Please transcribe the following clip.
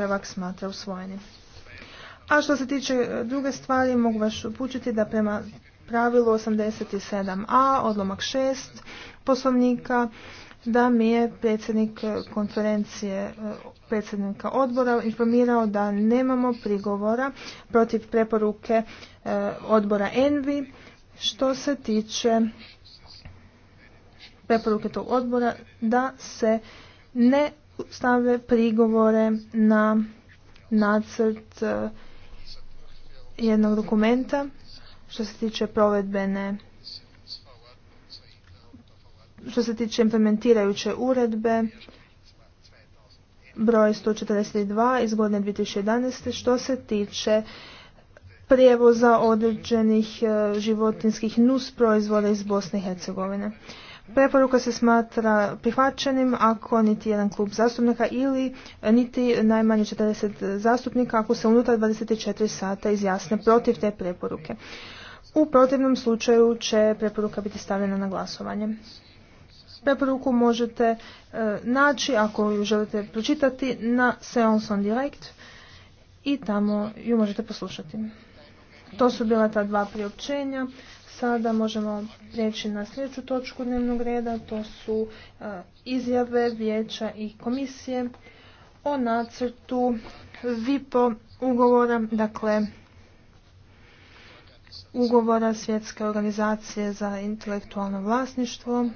ispravak smatra usvojenim. A što se tiče e, druge stvari, mogu vas upućiti da prema pravilu 87a, odlomak 6 poslovnika, da mi je predsjednik e, konferencije e, predsjednika odbora informirao da nemamo prigovora protiv preporuke odbora ENVI što se tiče preporuke tog odbora da se ne stave prigovore na nacrt e, jednog dokumenta što se tiče provedbene što se tiče implementirajuće uredbe broj 142 iz godine 2011. što se tiče prijevoza određenih e, životinskih nus proizvoda iz Bosne i Hercegovine. Preporuka se smatra prihvaćenim ako niti jedan klub zastupnika ili niti najmanje 40 zastupnika ako se unutar 24 sata izjasne protiv te preporuke. U protivnom slučaju će preporuka biti stavljena na glasovanje. Preporuku možete e, naći ako ju želite pročitati na Seance on Direct i tamo ju možete poslušati. To su bila ta dva priopćenja. Sada možemo prijeći na sljedeću točku dnevnog reda, to su e, izjave vijeća i komisije o nacrtu VIPO ugovora, dakle ugovora Svjetske organizacije za intelektualno vlasništvo